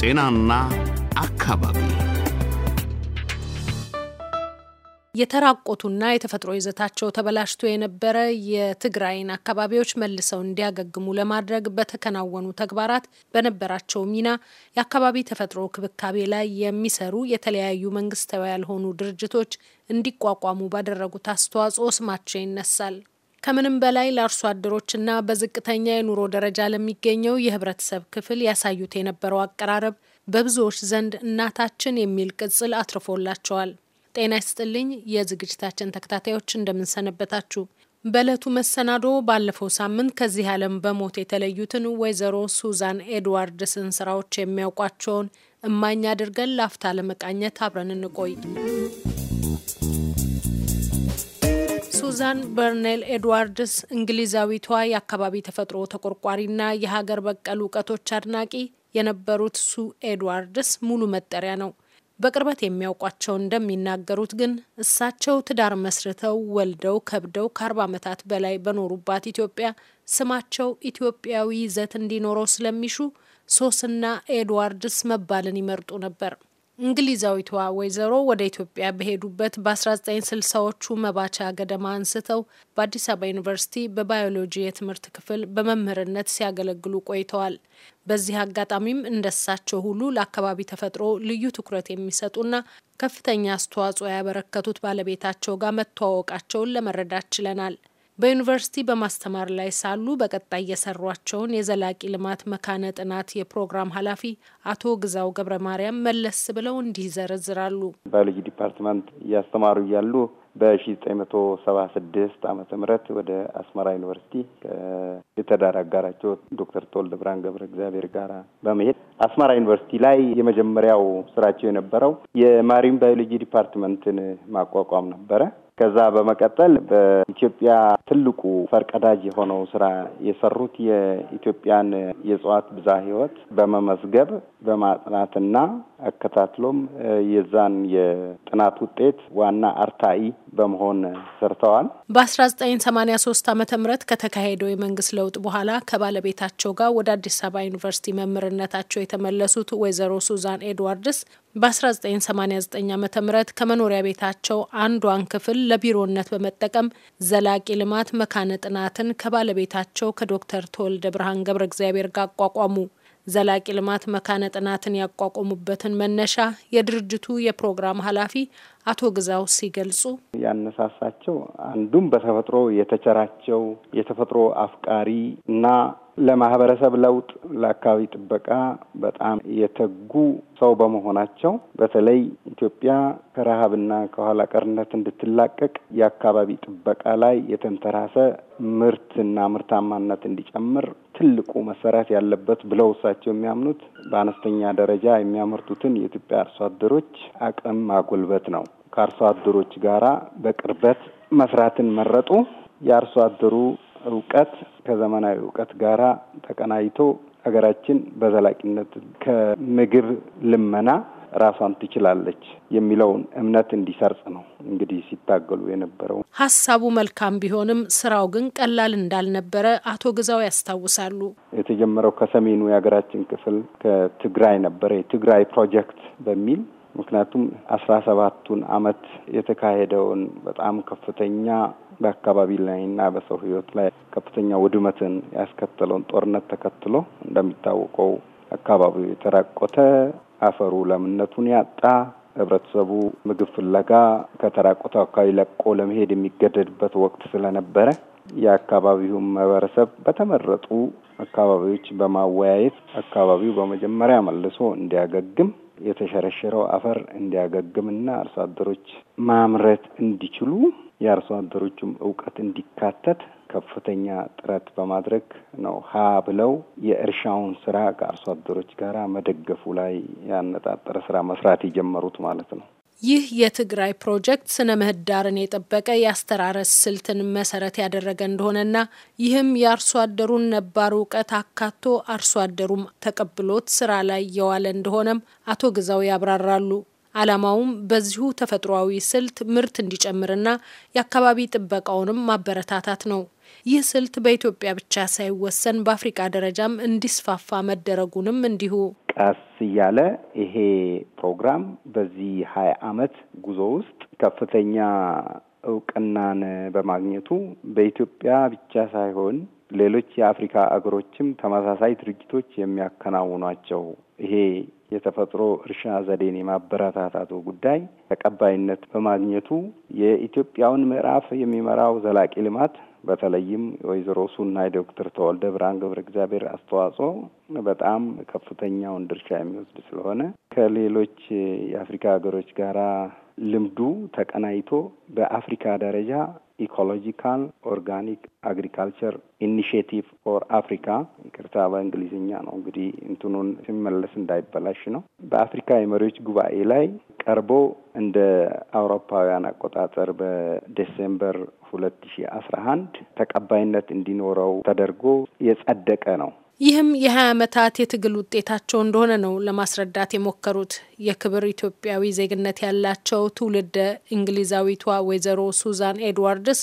ጤናና አካባቢ የተራቆቱና የተፈጥሮ ይዘታቸው ተበላሽቶ የነበረ የትግራይን አካባቢዎች መልሰው እንዲያገግሙ ለማድረግ በተከናወኑ ተግባራት በነበራቸው ሚና የአካባቢ ተፈጥሮ ክብካቤ ላይ የሚሰሩ የተለያዩ መንግስታዊ ያልሆኑ ድርጅቶች እንዲቋቋሙ ባደረጉት አስተዋጽኦ ስማቸው ይነሳል። ከምንም በላይ ለአርሶ አደሮችና በዝቅተኛ የኑሮ ደረጃ ለሚገኘው የህብረተሰብ ክፍል ያሳዩት የነበረው አቀራረብ በብዙዎች ዘንድ እናታችን የሚል ቅጽል አትርፎላቸዋል። ጤና ይስጥልኝ የዝግጅታችን ተከታታዮች እንደምንሰነበታችሁ። በዕለቱ መሰናዶ ባለፈው ሳምንት ከዚህ ዓለም በሞት የተለዩትን ወይዘሮ ሱዛን ኤድዋርድስን ስራዎች የሚያውቋቸውን እማኝ አድርገን ላፍታ ለመቃኘት አብረን እንቆይ። ሱዛን በርኔል ኤድዋርድስ እንግሊዛዊቷ የአካባቢ ተፈጥሮ ተቆርቋሪና የሀገር በቀል እውቀቶች አድናቂ የነበሩት ሱ ኤድዋርድስ ሙሉ መጠሪያ ነው። በቅርበት የሚያውቋቸው እንደሚናገሩት ግን እሳቸው ትዳር መስርተው ወልደው ከብደው ከአርባ ዓመታት በላይ በኖሩባት ኢትዮጵያ ስማቸው ኢትዮጵያዊ ይዘት እንዲኖረው ስለሚሹ ሶስና ኤድዋርድስ መባልን ይመርጡ ነበር። እንግሊዛዊቷ ወይዘሮ ወደ ኢትዮጵያ በሄዱበት በ1960ዎቹ መባቻ ገደማ አንስተው በአዲስ አበባ ዩኒቨርሲቲ በባዮሎጂ የትምህርት ክፍል በመምህርነት ሲያገለግሉ ቆይተዋል። በዚህ አጋጣሚም እንደሳቸው ሁሉ ለአካባቢ ተፈጥሮ ልዩ ትኩረት የሚሰጡና ከፍተኛ አስተዋጽኦ ያበረከቱት ባለቤታቸው ጋር መተዋወቃቸውን ለመረዳት ችለናል። በዩኒቨርሲቲ በማስተማር ላይ ሳሉ በቀጣይ የሰሯቸውን የዘላቂ ልማት መካነ ጥናት የፕሮግራም ኃላፊ አቶ ግዛው ገብረ ማርያም መለስ ብለው እንዲህ ይዘረዝራሉ። ባዮሎጂ ዲፓርትመንት እያስተማሩ እያሉ በሺ ዘጠኝ መቶ ሰባ ስድስት ዓመተ ምህረት ወደ አስመራ ዩኒቨርሲቲ ከትዳር አጋራቸው ዶክተር ተወልደ ብርሃን ገብረ እግዚአብሔር ጋር በመሄድ አስመራ ዩኒቨርሲቲ ላይ የመጀመሪያው ስራቸው የነበረው የማሪን ባዮሎጂ ዲፓርትመንትን ማቋቋም ነበረ። ከዛ በመቀጠል በኢትዮጵያ ትልቁ ፈርቀዳጅ የሆነው ስራ የሰሩት የኢትዮጵያን የእጽዋት ብዛ ህይወት በመመዝገብ በማጥናትና አከታትሎም የዛን የጥናት ውጤት ዋና አርታኢ በመሆን ሰርተዋል። በ1983 ዓ ም ከተካሄደው የመንግስት ለውጥ በኋላ ከባለቤታቸው ጋር ወደ አዲስ አበባ ዩኒቨርሲቲ መምህርነታቸው የተመለሱት ወይዘሮ ሱዛን ኤድዋርድስ በ1989 ዓ ም ከመኖሪያ ቤታቸው አንዷን ክፍል ለቢሮነት በመጠቀም ዘላቂ ልማት መካነ ጥናትን ከባለቤታቸው ከዶክተር ተወልደ ብርሃን ገብረ እግዚአብሔር ጋር አቋቋሙ። ዘላቂ ልማት መካነ ጥናትን ያቋቋሙበትን መነሻ የድርጅቱ የፕሮግራም ኃላፊ አቶ ግዛው ሲገልጹ ያነሳሳቸው አንዱም በተፈጥሮ የተቸራቸው የተፈጥሮ አፍቃሪ እና ለማህበረሰብ ለውጥ ለአካባቢ ጥበቃ በጣም የተጉ ሰው በመሆናቸው በተለይ ኢትዮጵያ ከረሃብና ከኋላ ቀርነት እንድትላቀቅ የአካባቢ ጥበቃ ላይ የተንተራሰ ምርትና ምርታማነት እንዲጨምር ትልቁ መሰራት ያለበት ብለው እሳቸው የሚያምኑት በአነስተኛ ደረጃ የሚያመርቱትን የኢትዮጵያ አርሶ አደሮች አቅም ማጎልበት ነው። ከአርሶ አደሮች ጋራ በቅርበት መስራትን መረጡ። የአርሶ አደሩ እውቀት ከዘመናዊ እውቀት ጋራ ተቀናይቶ ሀገራችን በዘላቂነት ከምግብ ልመና ራሷን ትችላለች የሚለውን እምነት እንዲሰርጽ ነው እንግዲህ ሲታገሉ የነበረው። ሀሳቡ መልካም ቢሆንም ስራው ግን ቀላል እንዳልነበረ አቶ ግዛው ያስታውሳሉ። የተጀመረው ከሰሜኑ የሀገራችን ክፍል ከትግራይ ነበረ የትግራይ ፕሮጀክት በሚል ምክንያቱም አስራ ሰባቱን አመት የተካሄደውን በጣም ከፍተኛ በአካባቢ ላይና በሰው ህይወት ላይ ከፍተኛ ውድመትን ያስከተለውን ጦርነት ተከትሎ እንደሚታወቀው አካባቢው የተራቆተ አፈሩ ለምነቱን ያጣ ህብረተሰቡ ምግብ ፍለጋ ከተራቆተ አካባቢ ለቆ ለመሄድ የሚገደድበት ወቅት ስለነበረ የአካባቢውን ማህበረሰብ በተመረጡ አካባቢዎች በማወያየት አካባቢው በመጀመሪያ መልሶ እንዲያገግም የተሸረሸረው አፈር እንዲያገግምና አርሶ አደሮች ማምረት እንዲችሉ የአርሶ አደሮቹም እውቀት እንዲካተት ከፍተኛ ጥረት በማድረግ ነው ሀ ብለው የእርሻውን ስራ ከአርሶ አደሮች ጋር መደገፉ ላይ ያነጣጠረ ስራ መስራት የጀመሩት ማለት ነው። ይህ የትግራይ ፕሮጀክት ስነ ምህዳርን የጠበቀ የአስተራረስ ስልትን መሰረት ያደረገ እንደሆነና ይህም የአርሶ አደሩን ነባር እውቀት አካቶ አርሶ አደሩም ተቀብሎት ስራ ላይ የዋለ እንደሆነም አቶ ግዛው ያብራራሉ። ዓላማውም በዚሁ ተፈጥሯዊ ስልት ምርት እንዲጨምርና የአካባቢ ጥበቃውንም ማበረታታት ነው። ይህ ስልት በኢትዮጵያ ብቻ ሳይወሰን በአፍሪቃ ደረጃም እንዲስፋፋ መደረጉንም እንዲሁ ቀስ እያለ ይሄ ፕሮግራም በዚህ ሀያ አመት ጉዞ ውስጥ ከፍተኛ እውቅናን በማግኘቱ በኢትዮጵያ ብቻ ሳይሆን ሌሎች የአፍሪካ አገሮችም ተመሳሳይ ድርጊቶች የሚያከናውኗቸው ይሄ የተፈጥሮ እርሻ ዘዴን የማበረታታቱ ጉዳይ ተቀባይነት በማግኘቱ የኢትዮጵያውን ምዕራፍ የሚመራው ዘላቂ ልማት በተለይም ወይዘሮ ሱና የዶክተር ተወልደ ብርሃን ገብረ እግዚአብሔር አስተዋጽኦ በጣም ከፍተኛውን ድርሻ የሚወስድ ስለሆነ ከሌሎች የአፍሪካ ሀገሮች ጋራ ልምዱ ተቀናይቶ በአፍሪካ ደረጃ ኢኮሎጂካል ኦርጋኒክ አግሪካልቸር ኢኒሽቲቭ ፎር አፍሪካ ይቅርታ፣ በእንግሊዝኛ ነው እንግዲህ እንትኑን ሲመለስ እንዳይበላሽ ነው። በአፍሪካ የመሪዎች ጉባኤ ላይ ቀርቦ እንደ አውሮፓውያን አቆጣጠር በዴሴምበር ሁለት ሺ አስራ አንድ ተቀባይነት እንዲኖረው ተደርጎ የጸደቀ ነው። ይህም የ20 ዓመታት የትግል ውጤታቸው እንደሆነ ነው ለማስረዳት የሞከሩት የክብር ኢትዮጵያዊ ዜግነት ያላቸው ትውልደ እንግሊዛዊቷ ወይዘሮ ሱዛን ኤድዋርድስ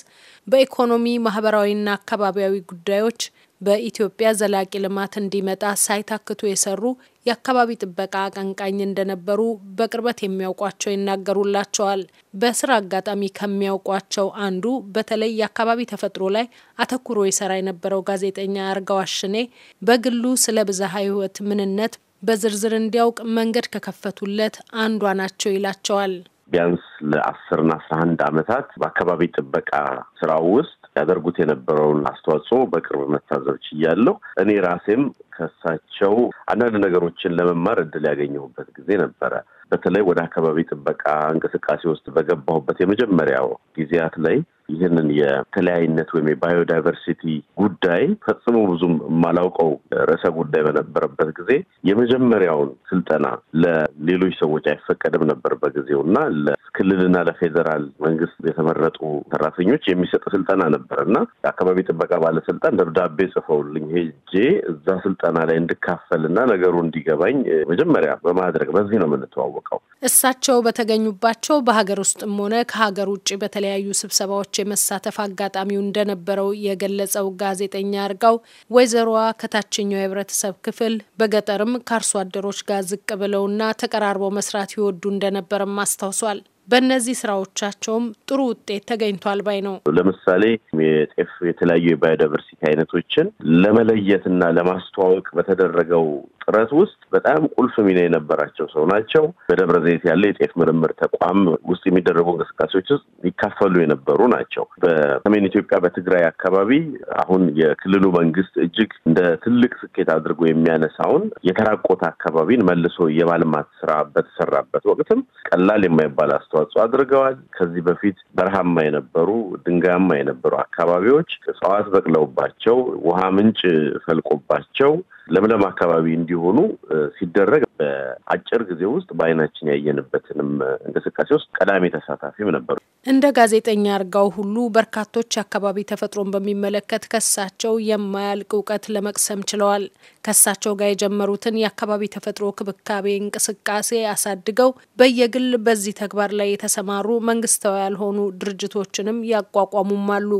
በኢኮኖሚ ማህበራዊና አካባቢያዊ ጉዳዮች በኢትዮጵያ ዘላቂ ልማት እንዲመጣ ሳይታክቱ የሰሩ የአካባቢ ጥበቃ አቀንቃኝ እንደነበሩ በቅርበት የሚያውቋቸው ይናገሩላቸዋል። በስራ አጋጣሚ ከሚያውቋቸው አንዱ በተለይ የአካባቢ ተፈጥሮ ላይ አተኩሮ የሰራ የነበረው ጋዜጠኛ አርጋው አሽኔ በግሉ ስለ ብዝሃ ሕይወት ምንነት በዝርዝር እንዲያውቅ መንገድ ከከፈቱለት አንዷ ናቸው ይላቸዋል። ቢያንስ ለአስርና አስራ አንድ ዓመታት በአካባቢ ጥበቃ ስራው ውስጥ ያደርጉት የነበረውን አስተዋጽኦ በቅርብ መታዘብ ችያለሁ። እኔ ራሴም ከሳቸው አንዳንድ ነገሮችን ለመማር እድል ያገኘሁበት ጊዜ ነበረ። በተለይ ወደ አካባቢ ጥበቃ እንቅስቃሴ ውስጥ በገባሁበት የመጀመሪያው ጊዜያት ላይ ይህንን የተለያይነት ወይም የባዮዳይቨርሲቲ ጉዳይ ፈጽሞ ብዙም የማላውቀው ርዕሰ ጉዳይ በነበረበት ጊዜ የመጀመሪያውን ስልጠና ለሌሎች ሰዎች አይፈቀድም ነበር በጊዜው እና ለክልልና ለፌዴራል መንግስት የተመረጡ ሰራተኞች የሚሰጥ ስልጠና ነበር እና የአካባቢ ጥበቃ ባለስልጣን ደብዳቤ ጽፈውልኝ ሄጄ እዛ ስልጠና ላይ እንድካፈልና ነገሩ እንዲገባኝ መጀመሪያ በማድረግ በዚህ ነው የምንተዋወቀው። እሳቸው በተገኙባቸው በሀገር ውስጥም ሆነ ከሀገር ውጭ በተለያዩ ስብሰባዎች የመሳተፍ አጋጣሚው እንደነበረው የገለጸው ጋዜጠኛ አርጋው ወይዘሮዋ ከታችኛው የህብረተሰብ ክፍል በገጠርም ከአርሶ አደሮች ጋር ዝቅ ብለውና ተቀራርበው መስራት ይወዱ እንደነበርም አስታውሷል። በእነዚህ ስራዎቻቸውም ጥሩ ውጤት ተገኝቷል ባይ ነው። ለምሳሌ የጤፍ የተለያዩ የባዮዳይቨርሲቲ አይነቶችን ለመለየትና ለማስተዋወቅ በተደረገው ጥረት ውስጥ በጣም ቁልፍ ሚና የነበራቸው ሰው ናቸው። በደብረ ዘይት ያለ የጤፍ ምርምር ተቋም ውስጥ የሚደረጉ እንቅስቃሴዎች ውስጥ ይካፈሉ የነበሩ ናቸው። በሰሜን ኢትዮጵያ በትግራይ አካባቢ አሁን የክልሉ መንግስት እጅግ እንደ ትልቅ ስኬት አድርጎ የሚያነሳውን የተራቆተ አካባቢን መልሶ የማልማት ስራ በተሰራበት ወቅትም ቀላል የማይባል አስተዋጽኦ አድርገዋል። ከዚህ በፊት በረሃማ የነበሩ ድንጋያማ የነበሩ አካባቢዎች እጽዋት በቅለውባቸው ውሃ ምንጭ ፈልቆባቸው ለምለም አካባቢ እንዲሆኑ ሲደረግ በአጭር ጊዜ ውስጥ በአይናችን ያየንበትንም እንቅስቃሴ ውስጥ ቀዳሚ ተሳታፊም ነበሩ። እንደ ጋዜጠኛ አርጋው ሁሉ በርካቶች አካባቢ ተፈጥሮን በሚመለከት ከሳቸው የማያልቅ እውቀት ለመቅሰም ችለዋል። ከሳቸው ጋር የጀመሩትን የአካባቢ ተፈጥሮ ክብካቤ እንቅስቃሴ አሳድገው በየግል በዚህ ተግባር ላይ የተሰማሩ መንግስታዊ ያልሆኑ ድርጅቶችንም ያቋቋሙም አሉ።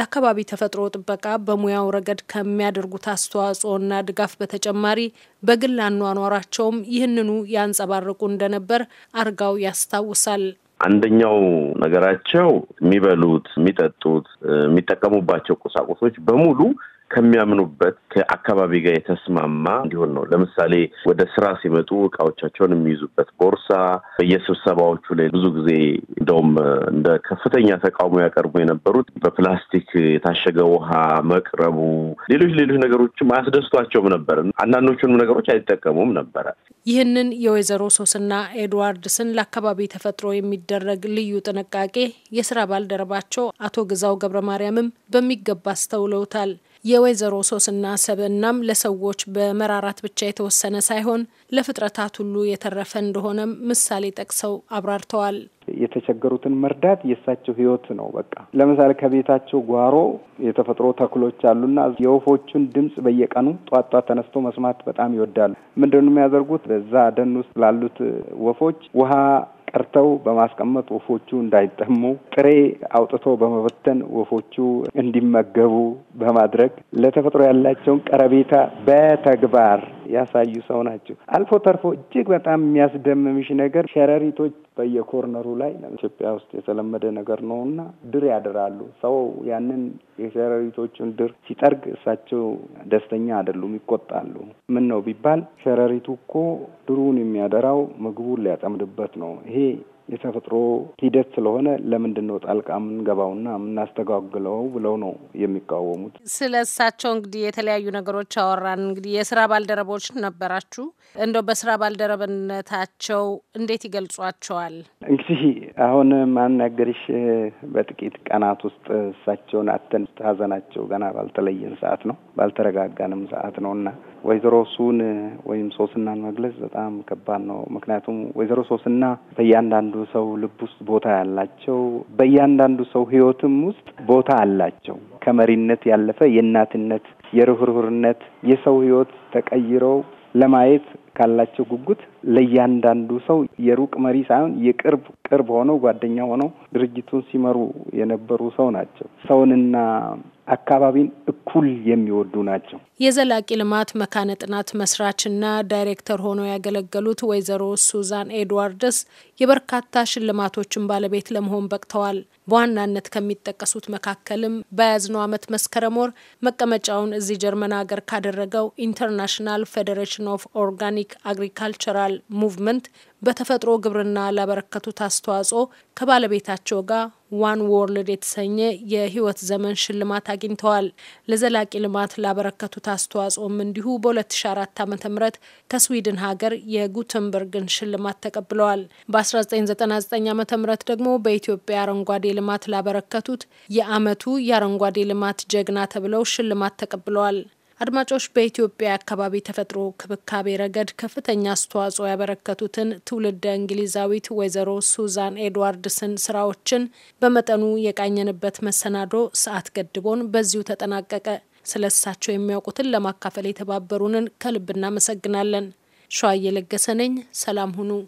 ለአካባቢ ተፈጥሮ ጥበቃ በሙያው ረገድ ከሚያደርጉት አስተዋጽኦና ድጋፍ ድጋፍ በተጨማሪ በግል አኗኗራቸውም ይህንኑ ያንጸባርቁ እንደነበር አርጋው ያስታውሳል። አንደኛው ነገራቸው የሚበሉት፣ የሚጠጡት፣ የሚጠቀሙባቸው ቁሳቁሶች በሙሉ ከሚያምኑበት ከአካባቢ ጋር የተስማማ እንዲሆን ነው። ለምሳሌ ወደ ስራ ሲመጡ እቃዎቻቸውን የሚይዙበት ቦርሳ በየስብሰባዎቹ ላይ ብዙ ጊዜ እንደውም እንደ ከፍተኛ ተቃውሞ ያቀርቡ የነበሩት በፕላስቲክ የታሸገ ውሃ መቅረቡ፣ ሌሎች ሌሎች ነገሮችም አያስደስቷቸውም ነበር። አንዳንዶቹንም ነገሮች አይጠቀሙም ነበረ። ይህንን የወይዘሮ ሶስና ኤድዋርድስን ለአካባቢ ተፈጥሮ የሚደረግ ልዩ ጥንቃቄ የስራ ባልደረባቸው አቶ ግዛው ገብረ ማርያምም በሚገባ አስተውለውታል። የወይዘሮ ሶስና ሰብናም ለሰዎች በመራራት ብቻ የተወሰነ ሳይሆን ለፍጥረታት ሁሉ የተረፈ እንደሆነም ምሳሌ ጠቅሰው አብራርተዋል። የተቸገሩትን መርዳት የእሳቸው ህይወት ነው። በቃ ለምሳሌ ከቤታቸው ጓሮ የተፈጥሮ ተክሎች አሉና የወፎቹን ድምፅ በየቀኑ ጧጧ ተነስቶ መስማት በጣም ይወዳሉ። ምንድነው የሚያደርጉት? በዛ ደን ውስጥ ላሉት ወፎች ውሃ ቀርተው በማስቀመጥ ወፎቹ እንዳይጠሙ ጥሬ አውጥቶ በመበተን ወፎቹ እንዲመገቡ በማድረግ ለተፈጥሮ ያላቸውን ቀረቤታ በተግባር ያሳዩ ሰው ናቸው። አልፎ ተርፎ እጅግ በጣም የሚያስደምምሽ ነገር ሸረሪቶች በየኮርነሩ ላይ ኢትዮጵያ ውስጥ የተለመደ ነገር ነው እና ድር ያድራሉ። ሰው ያንን የሸረሪቶቹን ድር ሲጠርግ እሳቸው ደስተኛ አይደሉም፣ ይቆጣሉ። ምን ነው ቢባል ሸረሪቱ እኮ ድሩን የሚያደራው ምግቡን ሊያጠምድበት ነው ይሄ የተፈጥሮ ሂደት ስለሆነ ለምንድን ነው ጣልቃ የምንገባውና የምናስተጓግለው ብለው ነው የሚቃወሙት። ስለ እሳቸው እንግዲህ የተለያዩ ነገሮች አወራን። እንግዲህ የስራ ባልደረቦች ነበራችሁ። እንደው በስራ ባልደረብነታቸው እንዴት ይገልጿቸዋል? እንግዲህ አሁን ማናገርሽ በጥቂት ቀናት ውስጥ እሳቸውን አተን ሀዘናቸው ገና ባልተለየን ሰዓት ነው ባልተረጋጋንም ሰዓት ነው እና ወይዘሮ ሱን ወይም ሶስናን መግለጽ በጣም ከባድ ነው። ምክንያቱም ወይዘሮ ሶስና በእያንዳንዱ ሰው ልብ ውስጥ ቦታ ያላቸው፣ በእያንዳንዱ ሰው ህይወትም ውስጥ ቦታ አላቸው። ከመሪነት ያለፈ የእናትነት፣ የርህሩህነት የሰው ህይወት ተቀይረው ለማየት ካላቸው ጉጉት ለእያንዳንዱ ሰው የሩቅ መሪ ሳይሆን የቅርብ ቅርብ ሆነው ጓደኛ ሆነው ድርጅቱን ሲመሩ የነበሩ ሰው ናቸው። ሰውንና አካባቢን እኩል የሚወዱ ናቸው። የዘላቂ ልማት መካነ ጥናት መስራችና ዳይሬክተር ሆነው ያገለገሉት ወይዘሮ ሱዛን ኤድዋርድስ የበርካታ ሽልማቶችን ባለቤት ለመሆን በቅተዋል። በዋናነት ከሚጠቀሱት መካከልም በያዝነው ዓመት መስከረም ወር መቀመጫውን እዚህ ጀርመን ሀገር ካደረገው ኢንተርናሽናል ፌዴሬሽን ኦፍ ኦርጋኒክ አግሪካልቸራል ሙቭመንት በተፈጥሮ ግብርና ላበረከቱት አስተዋጽኦ ከባለቤታቸው ጋር ዋን ወርልድ የተሰኘ የህይወት ዘመን ሽልማት አግኝተዋል። ለዘላቂ ልማት ላበረከቱት አስተዋጽኦም እንዲሁ በ2004 ዓ ም ከስዊድን ሀገር የጉተንበርግን ሽልማት ተቀብለዋል። በ1999 ዓ ም ደግሞ በኢትዮጵያ አረንጓዴ ልማት ላበረከቱት የአመቱ የአረንጓዴ ልማት ጀግና ተብለው ሽልማት ተቀብለዋል። አድማጮች በኢትዮጵያ አካባቢ ተፈጥሮ ክብካቤ ረገድ ከፍተኛ አስተዋጽኦ ያበረከቱትን ትውልደ እንግሊዛዊት ወይዘሮ ሱዛን ኤድዋርድስን ስራዎችን በመጠኑ የቃኘንበት መሰናዶ ሰዓት ገድቦን በዚሁ ተጠናቀቀ። ስለ እሳቸው የሚያውቁትን ለማካፈል የተባበሩንን ከልብ እናመሰግናለን። ሸዋ እየለገሰ ነኝ። ሰላም ሁኑ።